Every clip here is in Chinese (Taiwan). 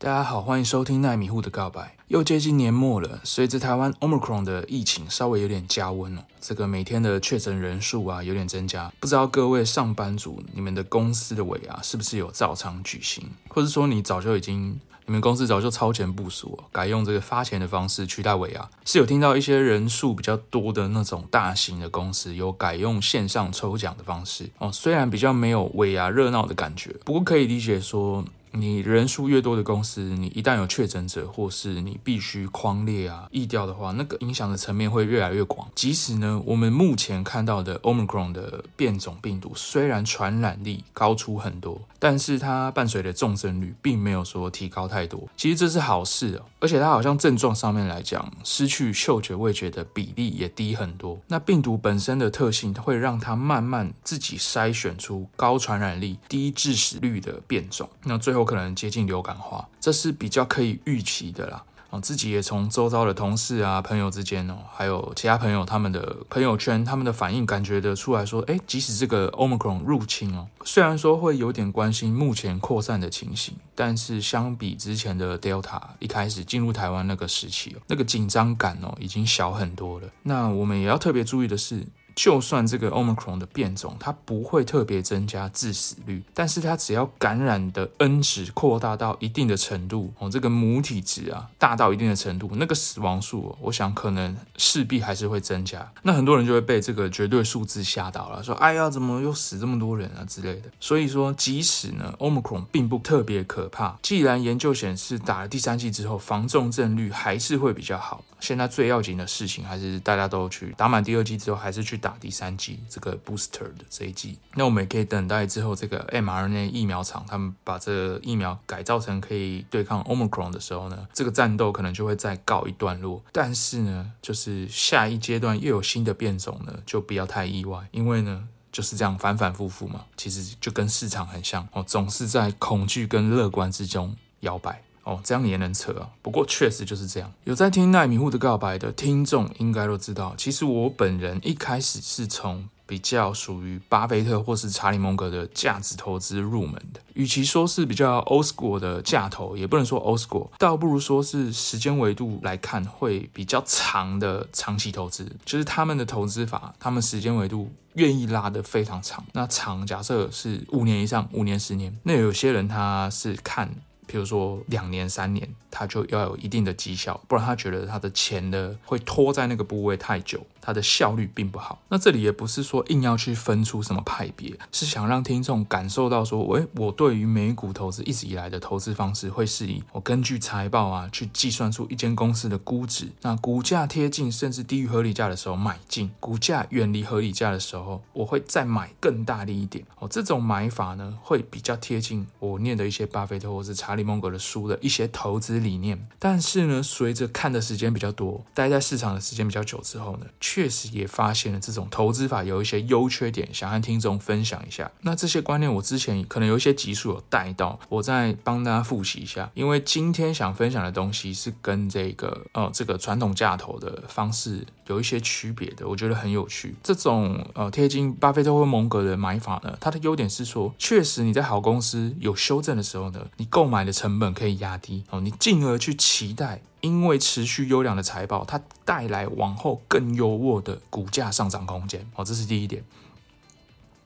大家好，歡迎收聽奈米戶的告白。又接近年末了，隨着台灣 Omicron 的疫情稍微有點加溫哦，這個每天的確診人數啊有點增加。不知道各位上班族，你們的公司的尾牙是不是有照常舉行？或是說你早就已經，你們公司早就超前部署，改用這個發錢的方式取代尾牙？是有聽到一些人數比較多的那種大型的公司，有改用線上抽獎的方式哦。雖然比較沒有尾牙熱鬧的感覺，不過可以理解說。你人數越多的公司，你一旦有確診者，或是你必須匡列啊、疫調的話，那個影響的層面會越來越廣。即使呢，我們目前看到的 Omicron 的變種病毒，雖然傳染力高出很多，但是它伴隨的重症率並沒有說提高太多。其實這是好事哦、喔，而且它好像症狀上面來講，失去嗅覺、味覺的比例也低很多。那病毒本身的特性會讓它慢慢自己篩選出高傳染力、低致死率的變種。那最後。有可能接近流感化，這是比較可以預期的啦。哦，自己也從周遭的同事啊、朋友之間哦，還有其他朋友他們的朋友圈、他們的反應感覺得出來說，誒，即使這個 Omicron 入侵哦，雖然說會有點關心目前擴散的情形，但是相比之前的 Delta 一開始進入台灣那個時期哦，那個緊張感哦已經小很多了。那我們也要特別注意的是。就算這個 Omicron 的變種，它不會特別增加致死率，但是它只要感染的 N 值擴大到一定的程度，哦，這個母體值啊，大到一定的程度，那個死亡數、哦，我想可能勢必還是會增加。那很多人就會被這個絕對數字嚇到了，說：“哎呀，怎麼又死這麼多人啊之類的。”所以說，即使呢 Omicron 並不特別可怕，既然研究顯示打了第三劑之後，防重症率還是會比較好。現在最要緊的事情還是大家都去打滿第二劑之後，還是去打第三劑這個 booster 的這一劑。那我們也可以等待之後這個 mRNA 疫苗廠他們把這個疫苗改造成可以對抗 Omicron 的時候呢，這個戰鬥可能就會再告一段落。但是呢，就是下一階段又有新的變種呢，就不要太意外，因為呢就是這樣反反复覆嘛，其實就跟市場很像哦，總是在恐懼跟樂觀之中搖擺。哦，這樣也能扯啊！不過確實就是這樣。有在聽奈米戶的告白的聽眾應該都知道，其實我本人一開始是從比較屬於巴菲特或是查理蒙格的價值投資入門的。與其說是比較 Old School 的價投，也不能說 Old School，倒不如說是時間維度來看會比較長的長期投資。就是他們的投資法，他們時間維度願意拉得非常長。那長，假設是五年以上，五年十年。那有些人他是看。比如說兩年三年，他就要有一定的績效，不然他覺得他的錢呢，會拖在那個部位太久。它的效率並不好。那這裡也不是說硬要去分出什麼派別，是想讓聽眾感受到說，誒，我對於美股投資一直以來的投資方式，會是以我、哦、根據財報啊去計算出一間公司的估值，那股價貼近甚至低於合理價的時候買進，股價遠離合理價的時候，我會再買更大力一點。哦，這種買法呢，會比較貼近我念的一些巴菲特或是查理芒格的書的一些投資理念。但是呢，隨着看的時間比較多，待在市場的時間比較久之後呢，確實也發現了這種投資法有一些優缺點，想和聽眾分享一下。那這些觀念我之前可能有一些集數有帶到，我再幫大家複習一下。因為今天想分享的東西是跟這個呃這個傳統價投的方式有一些區別的，我覺得很有趣。這種呃貼近巴菲特或蒙格的買法呢，它的優點是說，確實你在好公司有修正的時候呢，你購買的成本可以壓低哦、呃，你進而去期待。因為持續優良的財報，它帶來往後更優渥的股價上漲空間哦，這是第一點。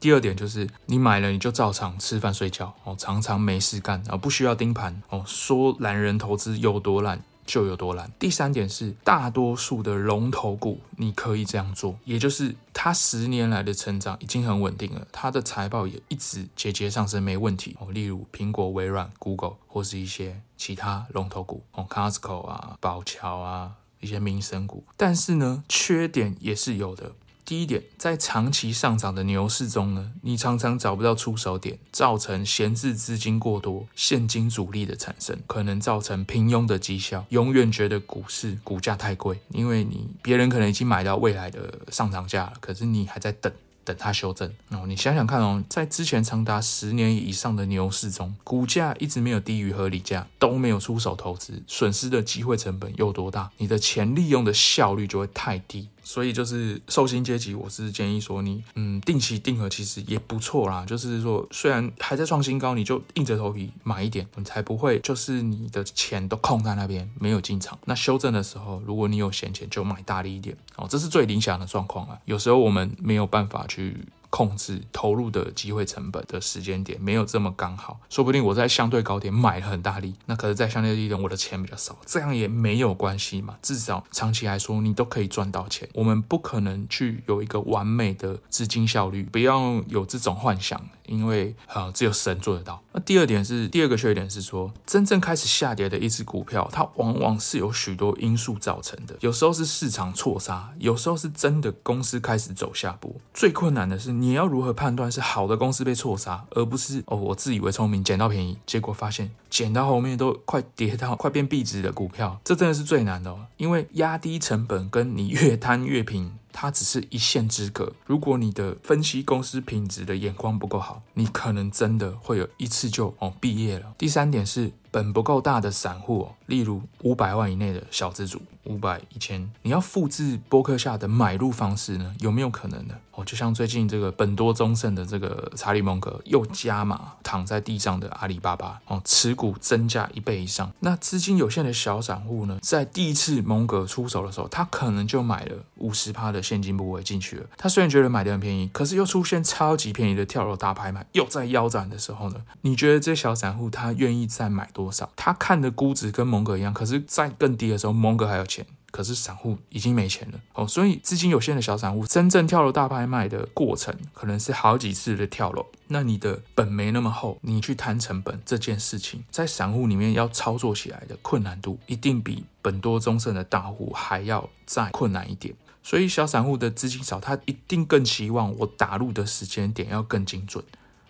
第二點就是，你買了你就照常吃飯睡覺哦，常常沒事幹啊，不需要盯盤哦。說懶人投資有多爛。就有多難。第三點是，大多數的龍頭股你可以這樣做，也就是它十年來的成長已經很穩定了，它的財報也一直節節上升，沒問題哦。例如蘋果、微軟、Google 或是一些其他龍頭股，哦、嗯，Costco 啊、寶橋啊一些民生股。但是呢，缺點也是有的。第一點，在長期上漲的牛市中呢，你常常找不到出手點，造成閒置資金過多、現金阻力的產生，可能造成平庸的績效。永遠覺得股市股價太貴，因為你別人可能已經買到未來的上漲價了，可是你還在等等它修正哦。然後你想想看哦，在之前長達十年以上的牛市中，股價一直沒有低於合理價，都沒有出手投資，損失的機會成本又多大？你的錢利用的效率就會太低。所以就是受薪階級，我是建議說你，嗯，定期定額其實也不錯啦。就是說，雖然還在創新高，你就硬着頭皮買一點，你才不會就是你的錢都空在那邊沒有進場。那修正的時候，如果你有閒錢就買大力一點哦，這是最理想的狀況了。有時候我們沒有辦法去，控制投入的機會成本的時間點沒有這麼剛好，說不定我在相對高點買了很大力，那可是，在相對低點我的錢比較少，這樣也沒有關係嘛。至少長期來說，你都可以賺到錢。我們不可能去有一個完美的資金效率，不要有這種幻想。因為啊，只有神做得到。那、啊、第二點是，第二個缺點是說，真正開始下跌的一只股票，它往往是由許多因素造成的。有時候是市場錯殺，有時候是真的公司開始走下坡。最困難的是，你要如何判斷是好的公司被錯殺，而不是哦，我自以為聰明撿到便宜，結果發現撿到後面都快跌到快變壁紙的股票，這真的是最難的哦，因為壓低成本，跟你越攤越平。它只是一線之隔。如果你的分析公司品質的眼光不夠好，你可能真的會有一次就哦畢業了。第三點是。本不夠大的散戶、哦，例如五百萬以內的小資主，五百一千，你要複制波克夏的買入方式呢？有沒有可能呢？哦，就像最近這個本多終勝的這個查理蒙格又加碼躺在地上的阿里巴巴，哦，持股增加一倍以上。那資金有限的小散戶呢，在第一次蒙格出手的時候，他可能就買了五十趴的現金部位進去了。他雖然覺得買的很便宜，可是又出現超級便宜的跳樓大拍賣，又在腰斬的時候呢？你覺得這些小散戶他願意再買多？多少？他看的估值跟蒙哥一樣，可是，在更低的時候，蒙哥還有錢，可是散戶已經沒錢了。哦，所以資金有限的小散戶，真正跳樓大拍賣的過程，可能是好幾次的跳樓。那你的本沒那麼厚，你去攤成本這件事情，在散戶裡面要操作起來的困難度，一定比本多宗盛的大戶還要再困難一點。所以小散戶的資金少，他一定更希望我打入的時間點要更精準。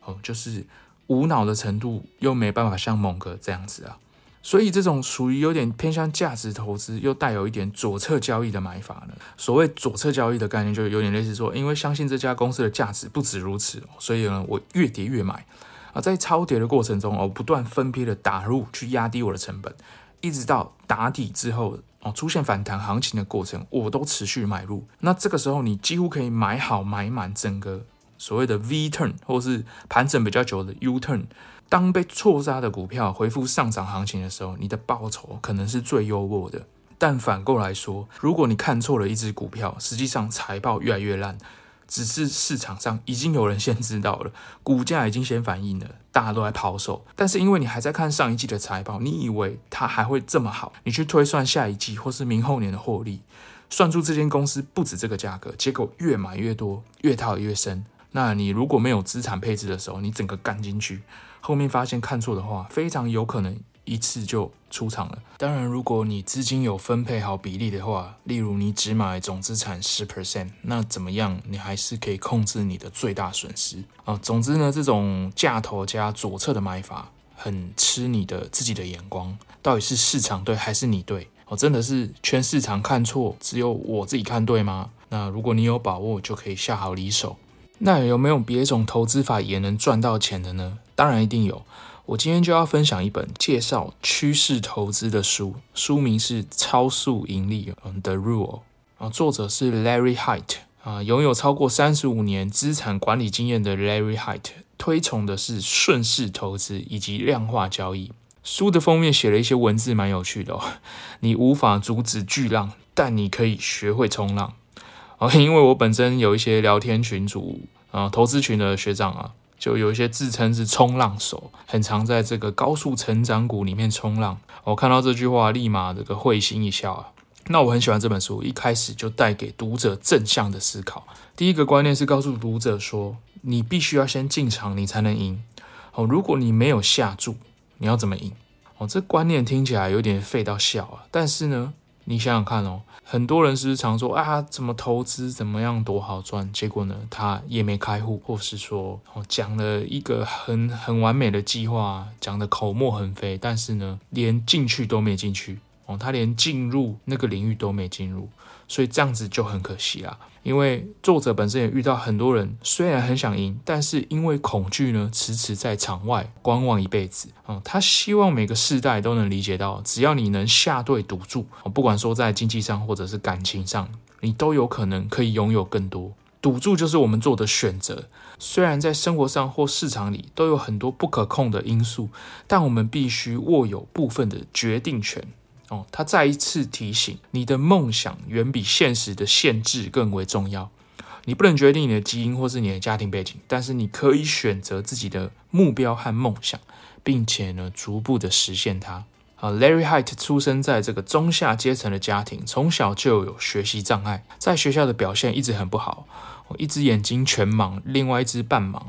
哦，就是。無腦的程度又沒辦法像蒙哥這樣子啊，所以這種屬於有點偏向價值投資，又帶有一點左側交易的買法呢。所謂左側交易的概念，就有點類似說，因為相信這家公司的價值不止如此，所以呢，我越跌越買啊，在超跌的過程中，我不斷分批的打入去壓低我的成本，一直到打底之後哦，出現反彈行情的過程，我都持續買入。那這個時候你幾乎可以買好買滿整個。所謂的 V turn，或是盤整比較久的 U turn，當被錯殺的股票回復上漲行情的時候，你的報酬可能是最優渥的。但反過來說，如果你看錯了一隻股票，實際上財報越來越爛，只是市場上已經有人先知道了，股價已經先反應了，大家都在拋售。但是因為你還在看上一季的財報，你以為它還會這麼好，你去推算下一季或是明後年的獲利，算出這間公司不止這個價格，結果越買越多，越套越深。那你如果沒有資產配置的時候，你整個幹進去，後面發現看錯的話，非常有可能一次就出場了。當然，如果你資金有分配好比例的話，例如你只買總資產十 percent，那怎麼樣，你還是可以控制你的最大損失啊、哦。總之呢，這種價投加左側的買法，很吃你的自己的眼光，到底是市場對還是你對？哦，真的是全市場看錯，只有我自己看對嗎？那如果你有把握，就可以下好離手。那有沒有別種投資法也能賺到錢的呢？當然一定有。我今天就要分享一本介紹趨勢投資的書，書名是《超速贏利》（The Rule），啊，作者是 Larry Hite，啊、呃，擁有超過三十五年資產管理經驗的 Larry Hite，推崇的是順勢投資以及量化交易。書的封面寫了一些文字，蠻有趣的哦。你無法阻止巨浪，但你可以學會衝浪。因為我本身有一些聊天群組啊，投資群的學長啊，就有一些自稱是衝浪手，很常在這個高速成長股裡面衝浪。我、哦、看到這句話，立馬這個會心一笑啊。那我很喜歡這本書，一開始就帶給讀者正向的思考。第一個觀念是告訴讀者說，你必須要先進場，你才能贏。哦，如果你沒有下注，你要怎麼贏？哦，這觀念聽起來有點廢到笑啊。但是呢，你想想看哦，很多人時常說啊，怎麼投資怎麼樣多好賺，結果呢，他也沒開戶，或是說哦，講了一個很很完美的計劃，講得口沫橫飛，但是呢，連進去都沒進去哦，他連進入那個領域都沒進入，所以這樣子就很可惜啦。因為作者本身也遇到很多人，雖然很想贏，但是因為恐懼呢，遲遲在場外觀望一輩子。嗯，哦，他希望每個世代都能理解到，只要你能下對賭注，哦，不管說在經濟上或者是感情上，你都有可能可以擁有更多。賭注就是我們做的選擇。雖然在生活上或市場裡都有很多不可控的因素，但我們必須握有部分的決定權。哦，他再一次提醒你的夢想遠比現實的限制更為重要。你不能決定你的基因或是你的家庭背景，但是你可以選擇自己的目標和夢想，並且呢，逐步的實現它。啊，Larry Hite 出生在這個中下階層的家庭，從小就有學習障礙，在學校的表現一直很不好，一隻眼睛全盲，另外一隻半盲。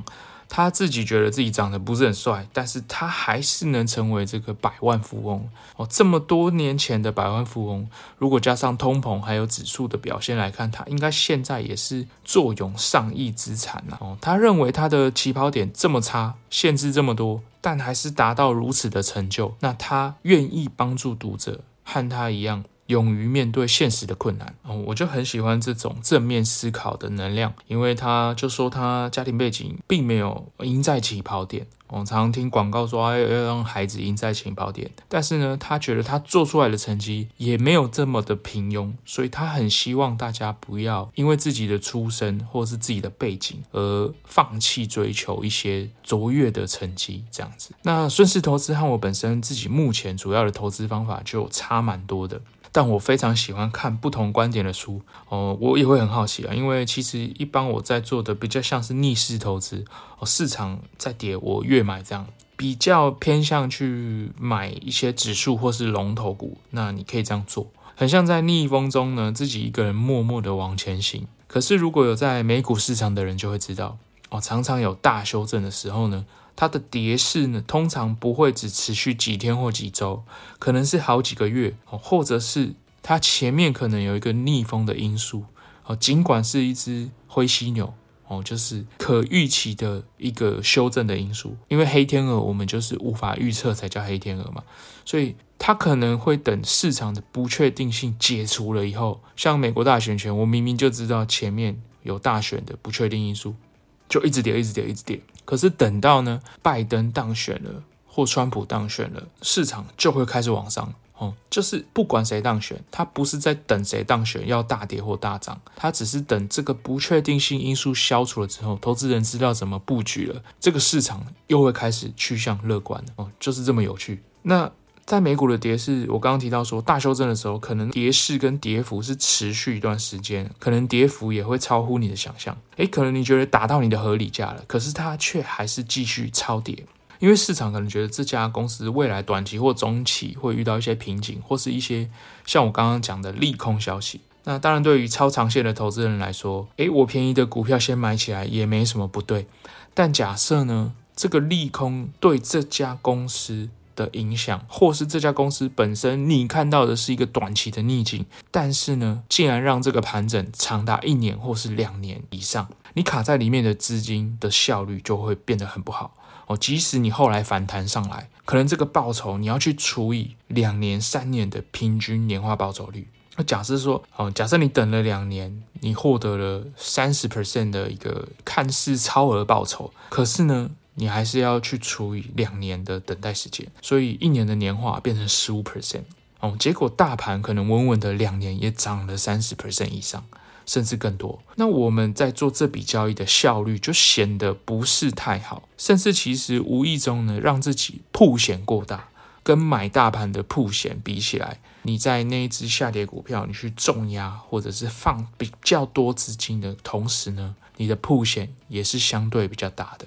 他自己覺得自己長得不是很帥，但是他還是能成為這個百萬富翁哦。這麼多年前的百萬富翁，如果加上通膨還有指數的表現來看，他應該現在也是坐擁上億資產了。哦，他認為他的起跑點這麼差，限制這麼多，但還是達到如此的成就，那他願意幫助讀者和他一樣。勇於面對現實的困難。哦，我就很喜歡這種正面思考的能量，因為他就說他家庭背景並沒有贏在起跑點。我常聽廣告說啊，哎，要讓孩子贏在起跑點，但是呢，他覺得他做出來的成績也沒有這麼的平庸，所以他很希望大家不要因為自己的出身或是自己的背景而放棄追求一些卓越的成績，這樣子。那順勢投資和我本身自己目前主要的投資方法就差蠻多的。但我非常喜歡看不同觀點的書，哦，我也會很好奇啊，因為其實一般我在做的比較像是逆勢投資，哦，市場在跌，我越買這樣，比較偏向去買一些指數或是龍頭股。那你可以這樣做，很像在逆風中呢，自己一個人默默地往前行。可是如果有在美股市場的人就會知道，哦，常常有大修正的時候呢。它的跌勢呢，通常不會只持續幾天或幾週，可能是好幾個月，或者是它前面可能有一個逆風的因素。哦，儘管是一隻灰犀牛，哦，就是可預期的一個修正的因素。因為黑天鵝，我們就是無法預測才叫黑天鵝嘛，所以它可能會等市場的不確定性解除了以後，像美國大選前，我明明就知道前面有大選的不確定因素。就一直跌，一直跌，一直跌。可是等到呢，拜登當選了，或川普當選了，市場就會開始往上哦。就是不管誰當選，他不是在等誰當選要大跌或大漲，他只是等這個不確定性因素消除了之後，投資人知道怎麼布局了，這個市場又會開始趨向樂觀哦。就是這麼有趣。那。在美股的跌勢，我剛剛提到說，大修正的時候，可能跌勢跟跌幅是持續一段時間，可能跌幅也會超乎你的想象。誒，可能你覺得達到你的合理價了，可是它卻還是繼續超跌，因為市場可能覺得這家公司未來短期或中期會遇到一些瓶頸，或是一些像我剛剛講的利空消息。那當然，對於超長線的投資人來說，誒，我便宜的股票先買起來也沒什麼不對。但假設呢，這個利空對這家公司。的影響，或是這家公司本身，你看到的是一個短期的逆境，但是呢，竟然讓這個盤整長達一年或是兩年以上，你卡在裡面的資金的效率就會變得很不好哦。即使你後來反彈上來，可能這個報酬你要去除以兩年三年的平均年化報酬率。那假設說，哦，假設你等了兩年，你獲得了三十 percent 的一個看似超額報酬，可是呢，你還是要去除以兩年的等待時間，所以一年的年化變成十五 percent 哦。結果大盤可能穩穩的兩年也漲了三十 percent 以上，甚至更多。那我們在做這筆交易的效率就顯得不是太好，甚至其實無意中呢，讓自己曝險過大，跟買大盤的曝險比起來，你在那一只下跌股票，你去重壓或者是放比較多資金的同時呢，你的曝險也是相對比較大的。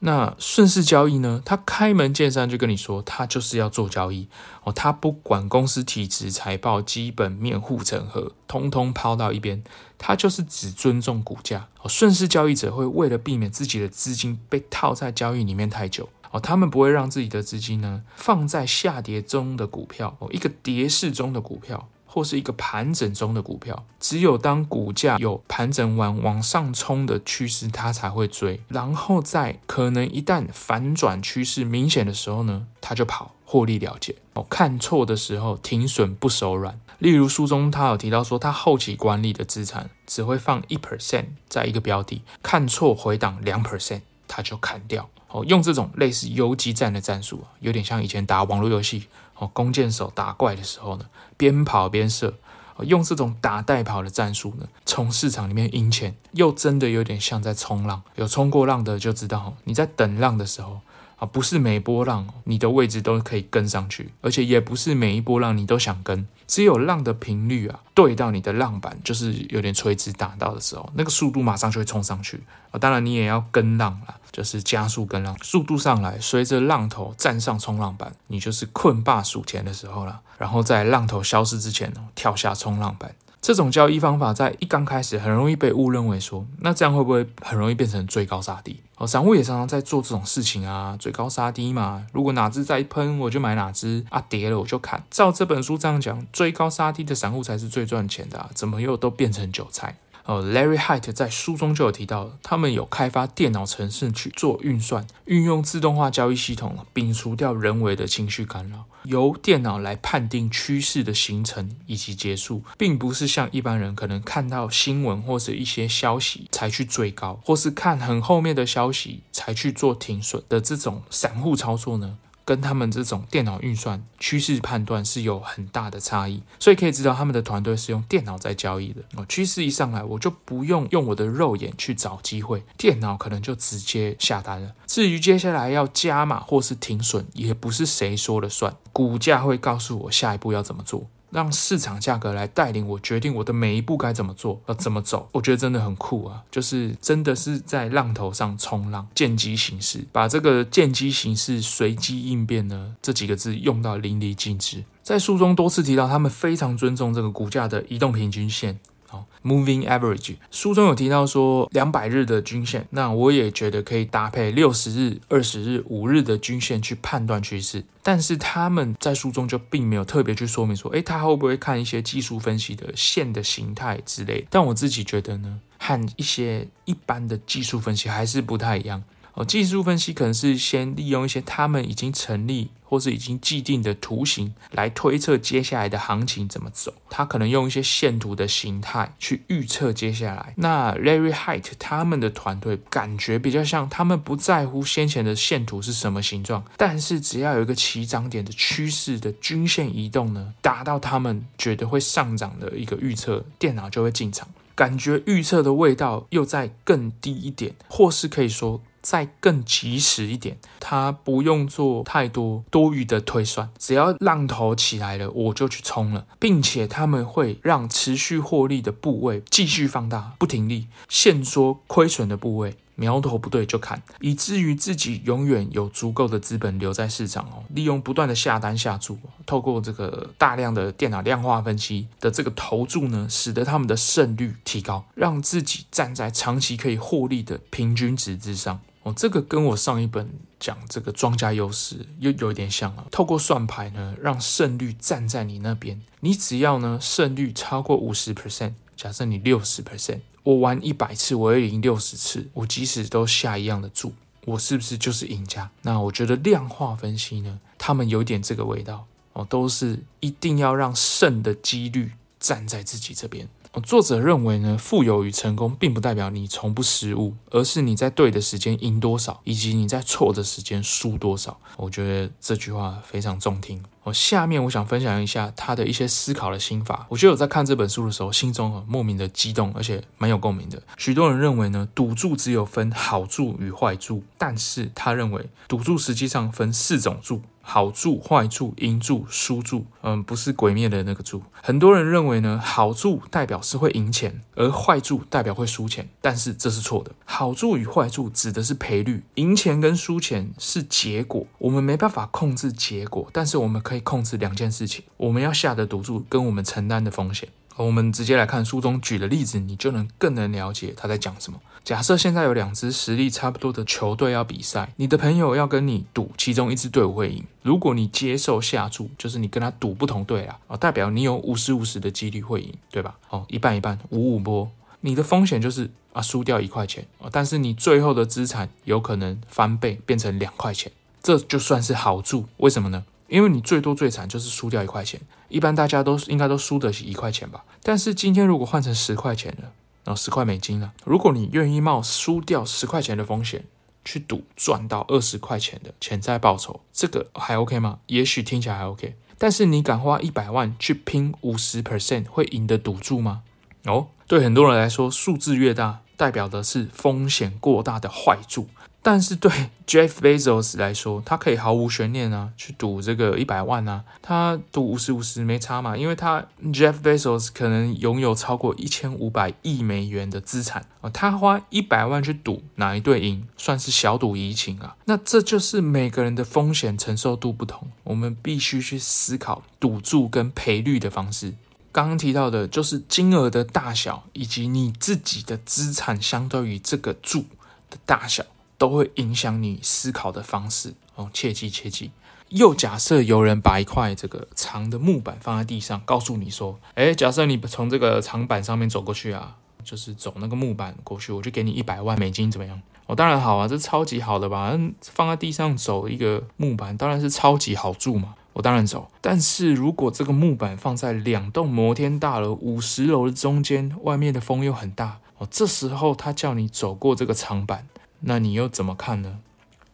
那順勢交易呢？他開門見山就跟你說，他就是要做交易哦，他不管公司體質、財報、基本面、護城河，通通拋到一邊，他就是只尊重股價哦。順勢交易者會為了避免自己的資金被套在交易裡面太久哦，他們不會讓自己的資金呢放在下跌中的股票哦，一個跌勢中的股票。或是一個盤整中的股票，只有當股價有盤整完往上衝的趨勢，他才會追，然後在可能一旦反轉趨勢明顯的時候呢，他就跑獲利了結。哦，看錯的時候停損不手軟。例如書中他有提到說，他後期管理的資產只會放一 percent 在一個標的，看錯回檔兩 percent 他就砍掉。哦，用這種類似游擊戰的戰術，有點像以前打網絡遊戲。哦，弓箭手打怪的時候呢，邊跑邊射，用這種打帶跑的戰術呢，從市場裡面贏錢，又真的有點像在沖浪。有沖過浪的就知道哦，你在等浪的時候。啊，不是每一波浪，你的位置都可以跟上去，而且也不是每一波浪你都想跟，只有浪的頻率啊，對到你的浪板，就是有點垂直打到的時候，那個速度馬上就會衝上去啊。當然你也要跟浪啦，就是加速跟浪，速度上來，隨着浪頭站上衝浪板，你就是困霸數錢的時候啦，然後在浪頭消失之前跳下衝浪板。這種交易方法在一剛開始很容易被誤認為說，那這樣會不會很容易變成追高殺低？哦，散戶也常常在做這種事情啊，追高殺低嘛。如果哪隻再一噴，我就買哪只；啊，跌了我就砍。照這本書這樣講，追高殺低的散戶才是最賺錢的啊，怎麼又都變成韭菜？呃，哦，Larry Hite 在書中就有提到了，他們有開發電腦程式去做運算，運用自動化交易系統，摒除掉人為的情緒干擾，由電腦來判定趨勢的形成以及結束，並不是像一般人可能看到新聞或者一些消息才去追高，或是看很後面的消息才去做停損的這種散戶操作呢。跟他們這種電腦運算趨勢判斷是有很大的差異，所以可以知道他們的團隊是用電腦在交易的哦。趨勢一上來，我就不用用我的肉眼去找機會，電腦可能就直接下單了。至於接下來要加碼或是停損，也不是誰說了算，股價會告訴我下一步要怎麼做。讓市場價格來帶領我決定我的每一步該怎麼做，要怎麼走。我覺得真的很酷啊，就是真的是在浪頭上衝浪，見機行事，把這個見機行事、隨機應變呢這幾個字用到淋漓盡致。在書中多次提到，他們非常尊重這個股價的移動平均線。哦，Moving Average 書中有提到說兩百日的均線，那我也覺得可以搭配六十日、二十日、五日的均線去判斷趨勢。但是他們在書中就並沒有特別去說明說，誒、欸，他會不會看一些技術分析的線的形態之類。但我自己覺得呢，和一些一般的技術分析還是不太一樣。哦，技術分析可能是先利用一些他們已經成立或是已經既定的圖形來推測接下來的行情怎麼走。他可能用一些線圖的形態去預測接下來。那 Larry Hite 他們的團隊感覺比較像，他們不在乎先前的線圖是什麼形狀，但是只要有一個起漲點的趨勢的均線移動呢，達到他們覺得會上漲的一個預測，電腦就會進場。感覺預測的味道又再更低一點，或是可以說。再更及時一點，他不用做太多多餘的推算，只要浪頭起來了，我就去衝了,並且他們會讓持續獲利的部位繼續放大，不停利，限縮虧損的部位，苗頭不對就砍，以至於自己永遠有足夠的資本留在市場哦，利用不斷的下單下注，透過這個大量的電腦量化分析的這個投注呢，使得他們的勝率提高，讓自己站在長期可以獲利的平均值之上。這個跟我上一本講這個莊家優勢又有一點像了啊，透過算牌呢，讓勝率站在你那邊。你只要呢，勝率超過五十 percent，假設你六十 percent，我玩一百次，我也贏六十次。我即使都下一樣的注，我是不是就是贏家？那我覺得量化分析呢，他們有點這個味道哦，都是一定要讓勝的幾率站在自己這邊。作者認為呢，富有與成功並不代表你從不失誤，而是你在對的時間贏多少，以及你在錯的時間輸多少。我覺得這句話非常中聽。下面我想分享一下他的一些思考的心法。我覺得我在看這本書的時候，心中很莫名的激動，而且蠻有共鳴的。許多人認為呢，賭注只有分好注與壞注，但是他認為賭注實際上分四種注。好注、壞注、贏注、輸注，嗯，不是鬼滅的那個注。很多人認為呢，好注代表是會贏錢，而壞注代表會輸錢，但是這是錯的。好注與壞注指的是賠率，贏錢跟輸錢是結果，我們沒辦法控制結果，但是我們可以控制兩件事情：我們要下的賭注跟我們承擔的風險。我們直接來看書中舉的例子，你就能更能了解他在講什麼。假設現在有兩支實力差不多的球隊要比賽，你的朋友要跟你賭其中一支隊伍會贏。如果你接受下注，就是你跟他賭不同隊啊，啊，代表你有五十五十的幾率會贏，對吧？哦，一半一半，五五波。你的風險就是啊，輸掉一塊錢，但是你最後的資產有可能翻倍變成兩塊錢，這就算是好注。為什麼呢？因為你最多最慘就是輸掉一塊錢，一般大家都應該都輸得起一塊錢吧。但是今天如果換成十塊錢了，然後十塊美金了，如果你願意冒輸掉十塊錢的風險去賭賺到二十塊錢的潛在報酬，這個還 OK 嗎？也許聽起來還 OK，但是你敢花一百萬去拼五十 percent 會贏的賭注嗎？哦，對很多人來說，數字越大代表的是風險過大的壞注。但是對 Jeff Bezos 來說，他可以毫無懸念啊，去賭這個一百萬啊，他賭五十五十沒差嘛。因為他 Jeff Bezos 可能擁有超過一千五百億美元的資產啊，他花一百萬去賭哪一隊贏，算是小賭怡情啊。那這就是每個人的風險承受度不同，我們必須去思考賭注跟賠率的方式。剛剛提到的就是金額的大小，以及你自己的資產相對於這個注的大小。都會影響你思考的方式哦，切記切記。又假設有人把一塊這個長的木板放在地上，告訴你說：“哎，假設你從這個長板上面走過去啊，就是走那個木板過去，我就給你一百萬美金，怎麼樣？”哦，當然好啊，這超級好的吧？放在地上走一個木板，當然是超級好注嘛。我、哦、當然走。但是如果這個木板放在兩棟摩天大樓五十樓的中間，外面的風又很大，哦，這時候他叫你走過這個長板。那你又怎麼看呢？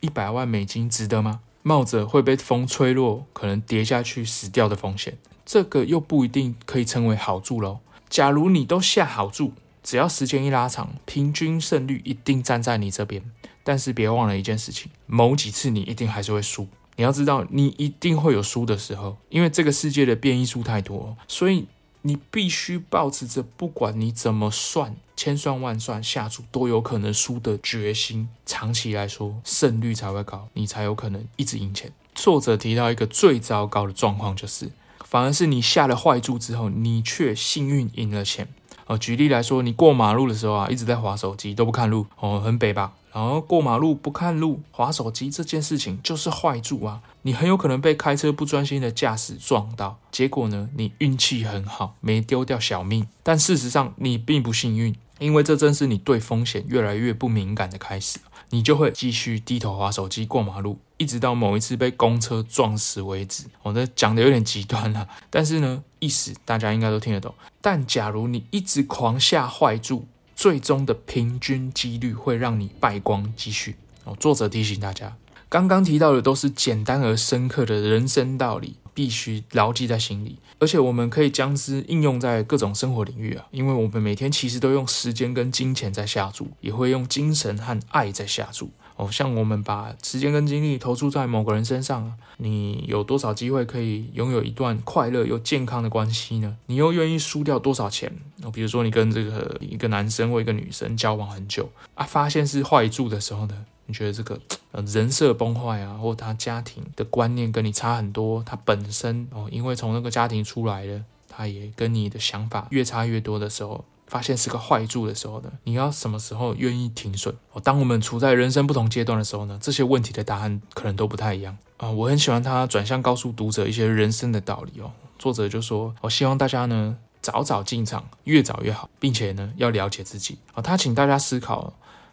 一百萬美金值得嗎？冒着會被風吹落、可能跌下去死掉的風險，這個又不一定可以稱為好注嘍哦。假如你都下好注，只要時間一拉長，平均勝率一定站在你這邊。但是別忘了一件事情，某幾次你一定還是會輸。你要知道，你一定會有輸的時候，因為這個世界的變異數太多，所以。你必須抱持著不管你怎麼算，千算萬算下注都有可能輸的決心。長期來說，勝率才會高，你才有可能一直贏錢。作者提到一個最糟糕的狀況，就是反而是你下了壞注之後，你卻幸運贏了錢。哦、呃，舉例來說，你過馬路的時候啊，一直在滑手機，都不看路，哦，很北吧？然後、哦、過馬路不看路，滑手機這件事情就是壞注啊！你很有可能被開車不專心的駕駛撞到。結果呢，你運氣很好，沒丟掉小命。但事實上，你並不幸運，因為這正是你對風險越來越不敏感的開始。你就會繼續低頭滑手機過馬路，一直到某一次被公車撞死為止。我、哦、這講的有點極端了、啊，但是呢，意思大家應該都聽得懂。但假如你一直狂下壞注，最終的平均幾率會讓你敗光積蓄哦。作者提醒大家，剛剛提到的都是簡單而深刻的人生道理，必須牢記在心裡。而且，我們可以將之應用在各種生活領域啊，因為我們每天其實都用時間跟金錢在下注，也會用精神和愛在下注。哦，像我們把時間跟精力投注在某個人身上，你有多少機會可以擁有一段快樂又健康的關係呢？你又願意輸掉多少錢？哦，比如說你跟這個一個男生或一個女生交往很久啊，發現是壞注的時候呢，你覺得這個人設崩壞啊，或他家庭的觀念跟你差很多，他本身哦，因為從那個家庭出來了，他也跟你的想法越差越多的時候。發現是個壞注的時候呢，你要什麼時候願意停損。哦、當我們處在人生不同階段的時候呢，這些問題的答案可能都不太一樣啊、哦。我很喜歡他轉向告訴讀者一些人生的道理哦。作者就說：“我、哦、希望大家呢，早早進場，越早越好，並且呢，要了解自己啊。哦”他請大家思考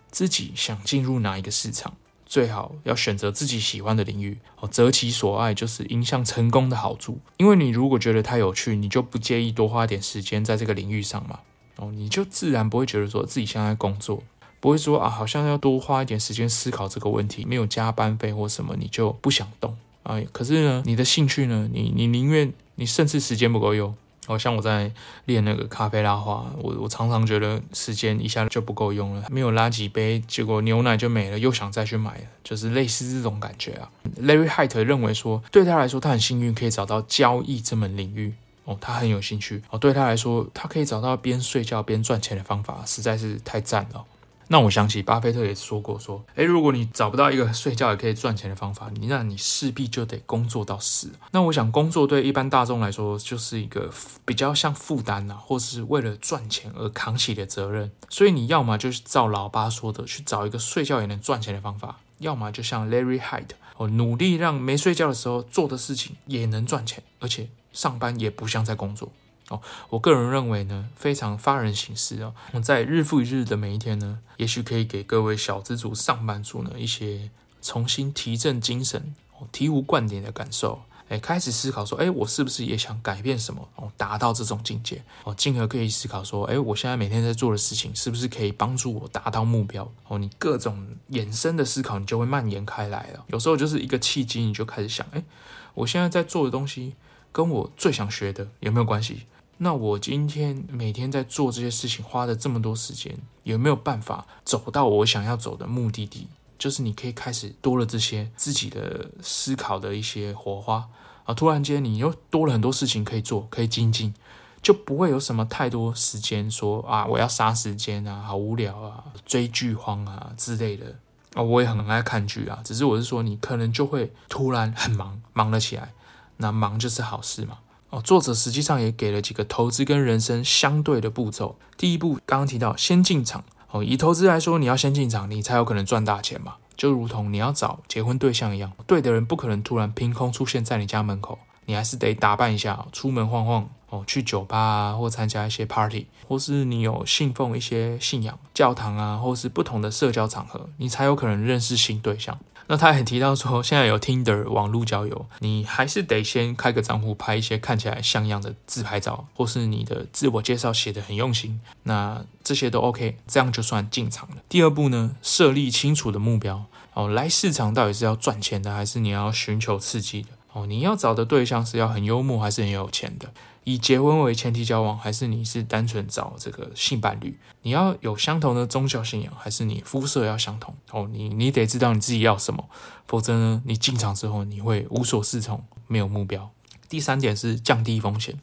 自己想進入哪一個市場，最好要選擇自己喜歡的領域哦。擇其所愛就是迎向成功的好注。因為你如果覺得太有趣，你就不介意多花點時間在這個領域上嘛。你就自然不會覺得說自己現在工作不會說啊，好像要多花一點時間思考這個問題，沒有加班費或什麼，你就不想動啊。可是呢，你的興趣呢，你，你寧願你甚至時間不夠用。哦、啊，像我在練那個咖啡拉花，我，我常常覺得時間一下就不夠用了，沒有拉幾杯，結果牛奶就沒了，又想再去買了，就是類似這種感覺啊。Larry Hite 認為說，對他來說，他很幸運可以找到交易這門領域。哦，他很有興趣哦。對他來說，他可以找到邊睡覺邊賺錢的方法，實在是太贊了。那我想起巴菲特也說過，說，誒、欸、如果你找不到一個睡覺也可以賺錢的方法，你那你勢必就得工作到死。那我想，工作對一般大眾來說，就是一個比較像負擔吶，或是為了賺錢而扛起的責任。所以你要麼就是照老爸說的，去找一個睡覺也能賺錢的方法；要麼就像 Larry Hite 哦，努力讓沒睡覺的時候做的事情也能賺錢，而且。上班也不像在工作哦，我個人認為呢，非常發人省思哦。在日復一日的每一天呢，也許可以給各位小資族、上班族呢一些重新提振精神、醍醐灌頂的感受。哎，開始思考說，哎，我是不是也想改變什麼？哦，達到這種境界哦，進而可以思考說，哎，我現在每天在做的事情，是不是可以幫助我達到目標？哦，你各種衍生的思考，你就會蔓延開來了。有時候就是一個契機，你就開始想，哎，我現在在做的東西。跟我最想學的有沒有關係？那我今天每天在做這些事情，花了這麼多時間，有沒有辦法走到我想要走的目的地？就是你可以開始多了這些自己的思考的一些火花啊！突然間，你又多了很多事情可以做，可以精進，就不會有什麼太多時間說啊，我要殺時間啊，好無聊啊，追劇荒啊之類的啊！我也很愛看劇啊，只是我是說，你可能就會突然很忙，忙了起來。那忙就是好事嘛。哦，作者實際上也給了幾個投資跟人生相對的步驟。第一步，剛剛提到先進場哦，以投資來說，你要先進場，你才有可能賺大錢嘛。就如同你要找結婚對象一樣，對的人不可能突然憑空出現在你家門口，你還是得打扮一下，出門晃晃哦，去酒吧啊，或參加一些 party，或是你有信奉一些信仰，教堂啊，或是不同的社交場合，你才有可能認識新對象。那他也提到說，現在有 Tinder 網路交友，你還是得先開個賬戶，拍一些看起來像樣的自拍照，或是你的自我介紹寫的很用心，那這些都 OK，這樣就算進場了。第二步呢，設立清楚的目標哦，來市場到底是要賺錢的，還是你要尋求刺激的？哦，你要找的對象是要很幽默，還是很有錢的？以結婚為前提交往，還是你是單純找這個性伴侶？你要有相同的宗教信仰，還是你膚色要相同？哦，你你得知道你自己要什麼，否則呢，你進場之後你會無所適從，沒有目標。第三點是降低風險，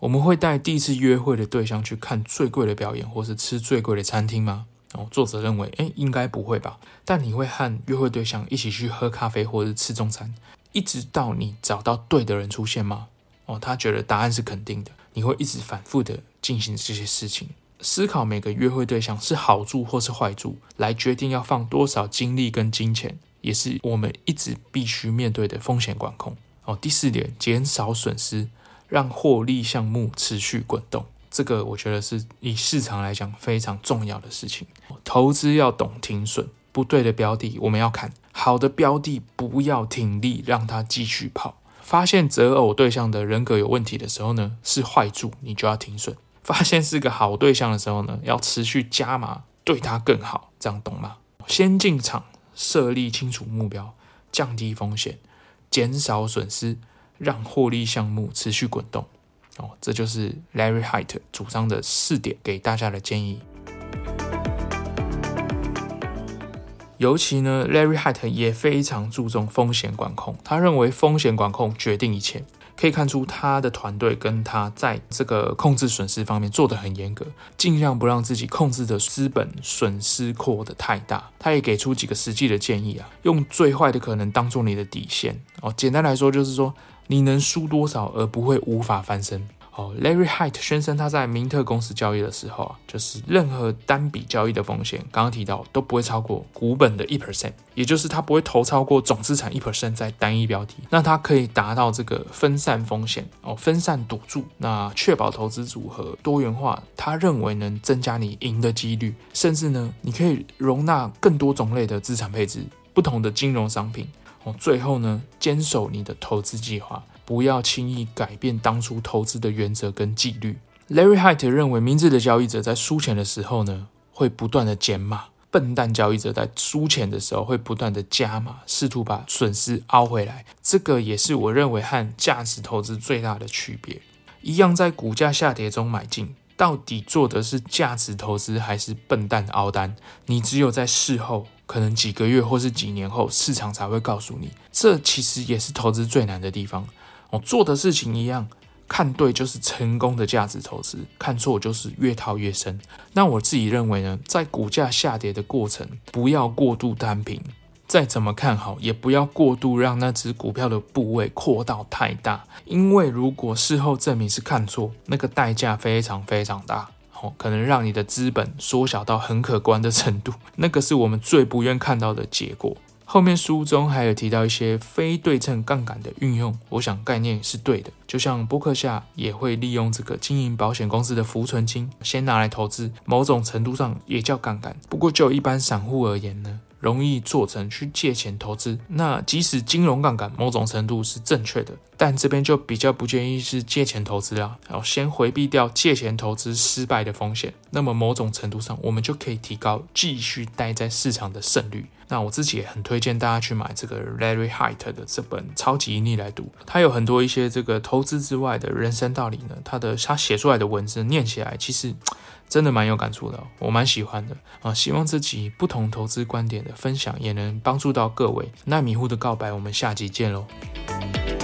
我們會帶第一次約會的對象去看最貴的表演，或是吃最貴的餐廳嗎？哦，作者認為，哎，應該不會吧？但你會和約會對象一起去喝咖啡，或是吃中餐，一直到你找到對的人出現嗎？哦，他覺得答案是肯定的，你會一直反覆的進行這些事情，思考每個約會對象是好注或是壞注，來決定要放多少精力跟金錢，也是我們一直必須面對的風險管控。哦，第四點，減少損失，讓獲利項目持續滾動，這個我覺得是以市場來講非常重要的事情。哦，投資要懂停損，不對的標的我們要砍，好的標的不要停利，讓它繼續跑。發現擇偶對象的人格有問題的時候呢，是壞注，你就要停損；發現是個好對象的時候呢，要持續加碼，對他更好，這樣懂嗎？先進場，設立清楚目標，降低風險，減少損失，讓獲利項目持續滾動。哦，這就是 Larry Hite 主張的四點給大家的建議。尤其呢，Larry Hite 也非常注重風險管控。他認為風險管控決定一切。可以看出，他的團隊跟他在這個控制損失方面做得很嚴格，盡量不讓自己控制的資本損失擴得太大。他也給出幾個實際的建議啊，用最壞的可能當做你的底線哦。簡單來說就是說，你能輸多少而不會無法翻身。哦，Larry Hite 宣稱他在明特公司交易的時候啊，就是任何單筆交易的風險，剛剛提到都不會超過股本的一 percent，也就是他不會投超過總資產一 percent 在單一標題，那他可以達到這個分散風險哦，分散賭注，那確保投資組合多元化，他認為能增加你贏的幾率，甚至呢，你可以容納更多種類的資產配置，不同的金融商品，哦，最後呢，堅守你的投資計劃。不要輕易改變當初投資的原則跟紀律。Larry Hite 認為，明智的交易者在輸錢的時候呢，會不斷的減碼；笨蛋交易者在輸錢的時候會不斷的加碼，試圖把損失凹回來。這個也是我認為和價值投資最大的區別。一樣在股價下跌中買進，到底做的是價值投資還是笨蛋凹單？你只有在事後，可能幾個月或是幾年後，市場才會告訴你。這其實也是投資最難的地方。做的事情一樣，看對就是成功的價值投資，看錯就是越套越深。那我自己認為呢，在股價下跌的過程，不要過度攤平，再怎麼看好，也不要過度讓那隻股票的部位擴到太大，因為如果事後證明是看錯，那個代價非常非常大，好，可能讓你的資本縮小到很可觀的程度，那個是我們最不願看到的結果。後面書中還有提到一些非對稱槓桿的運用，我想概念是對的。就像波克夏也會利用這個經營保險公司的浮存金，先拿來投資，某種程度上也叫槓桿。不過就一般散戶而言呢，容易做成去借錢投資，那即使金融槓桿某種程度是正確的，但這邊就比較不建議是借錢投資啦。要先回避掉借錢投資失敗的風險，那麼某種程度上，我們就可以提高繼續待在市場的勝率。那我自己也很推薦大家去買這個 Larry Hite 的這本《超速贏利》來讀，他有很多一些這個投資之外的人生道理呢。他的，他寫出來的文字念起來其實，真的蠻有感觸的，我蠻喜歡的啊！希望這集不同投資觀點的分享也能幫助到各位。奈米戶的告白，我們下集見嘍！